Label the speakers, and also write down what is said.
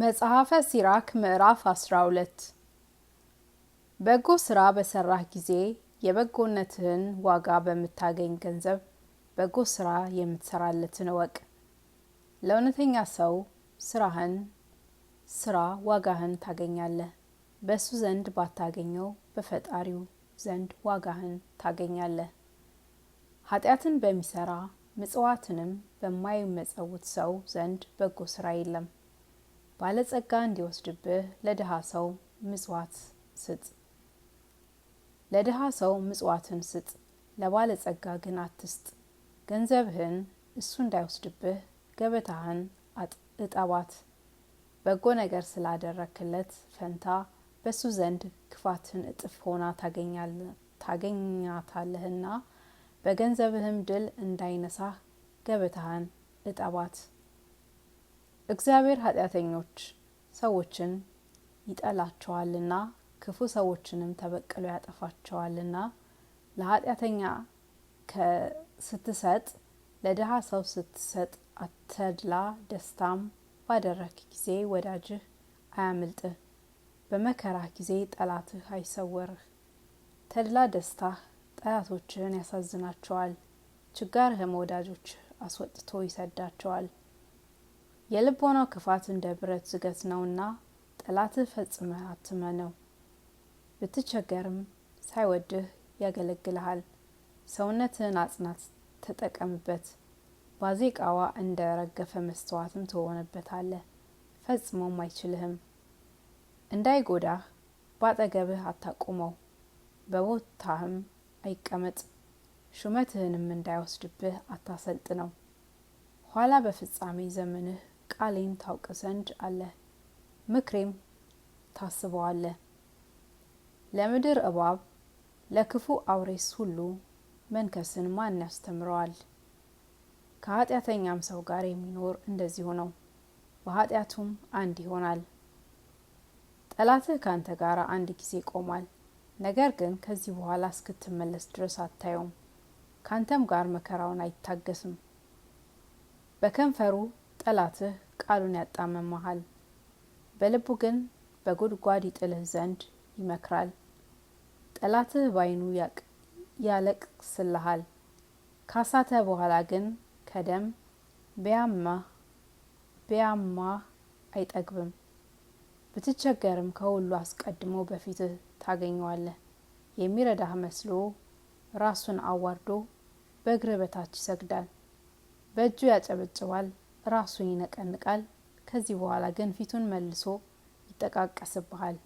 Speaker 1: መጽሐፈ ሲራክ ምዕራፍ 12 በጎ ስራ በሰራህ ጊዜ የበጎነትህን ዋጋ በምታገኝ ገንዘብ በጎ ስራ የምትሰራለትን እወቅ። ለእውነተኛ ሰው ስራህን ስራ ዋጋህን ታገኛለህ። በእሱ ዘንድ ባታገኘው በፈጣሪው ዘንድ ዋጋህን ታገኛለህ። ኃጢአትን በሚሰራ ምጽዋትንም በማይመጸውት ሰው ዘንድ በጎ ስራ የለም። ባለጸጋ እንዲወስድብህ ለድሃ ሰው ምጽዋት ስጥ። ለድሃ ሰው ምጽዋትን ስጥ፣ ለባለጸጋ ግን አትስጥ። ገንዘብህን እሱ እንዳይወስድብህ ገበታህን እጠባት። በጎ ነገር ስላደረክለት ፈንታ በእሱ ዘንድ ክፋትን እጥፍ ሆና ታገኛታለህና በገንዘብህም ድል እንዳይነሳህ ገበታህን እጠባት። እግዚአብሔር ኃጢአተኞች ሰዎችን ይጠላቸዋልና ክፉ ሰዎችንም ተበቅሎ ያጠፋቸዋልና ለኃጢአተኛ ስትሰጥ ለድሀ ሰው ስትሰጥ አተድላ ደስታም ባደረክ ጊዜ ወዳጅህ አያምልጥህ፣ በመከራህ ጊዜ ጠላትህ አይሰወርህ። ተድላ ደስታህ ጠላቶችህን ያሳዝናቸዋል፣ ችጋርህም ወዳጆችህ አስወጥቶ ይሰዳቸዋል። የልቦናው ክፋት እንደ ብረት ዝገት ነውና ጠላትህ ፈጽመ አትመ ነው። ብትቸገርም ሳይወድህ ያገለግልሃል። ሰውነትህን አጽናት፣ ተጠቀምበት። ባዜቃዋ እንደ ረገፈ መስተዋትም ትሆንበታለህ፣ ፈጽሞም አይችልህም። እንዳይጎዳህ ባጠገብህ አታቁመው፣ በቦታህም አይቀመጥ። ሹመትህንም እንዳይወስድብህ አታሰልጥ ነው ኋላ በፍጻሜ ዘመንህ ቃሌን ታውቅ ዘንድ አለ ምክሬም ታስበዋለ። ለምድር እባብ ለክፉ አውሬስ ሁሉ መንከስን ማን ያስተምረዋል? ከኃጢአተኛም ሰው ጋር የሚኖር እንደዚሁ ነው፣ በኃጢአቱም አንድ ይሆናል። ጠላትህ ከአንተ ጋር አንድ ጊዜ ይቆማል፣ ነገር ግን ከዚህ በኋላ እስክትመለስ ድረስ አታየውም። ካንተም ጋር መከራውን አይታገስም። በከንፈሩ ጠላትህ ቃሉን ያጣመመሃል በልቡ ግን በጉድጓድ ይጥልህ ዘንድ ይመክራል። ጠላትህ ባይኑ ስልሃል ካሳተ በኋላ ግን ከደም ቢያማ አይጠግብም። ብትቸገርም ከሁሉ አስቀድሞ በፊትህ ታገኘዋለህ። የሚረዳህ መስሎ ራሱን አዋርዶ በእግር በታች ይሰግዳል። በእጁ ያጨበጭባል፣ ራሱን ይነቀንቃል። ከዚህ በኋላ ግን ፊቱን መልሶ ይጠቃቀስብሃል።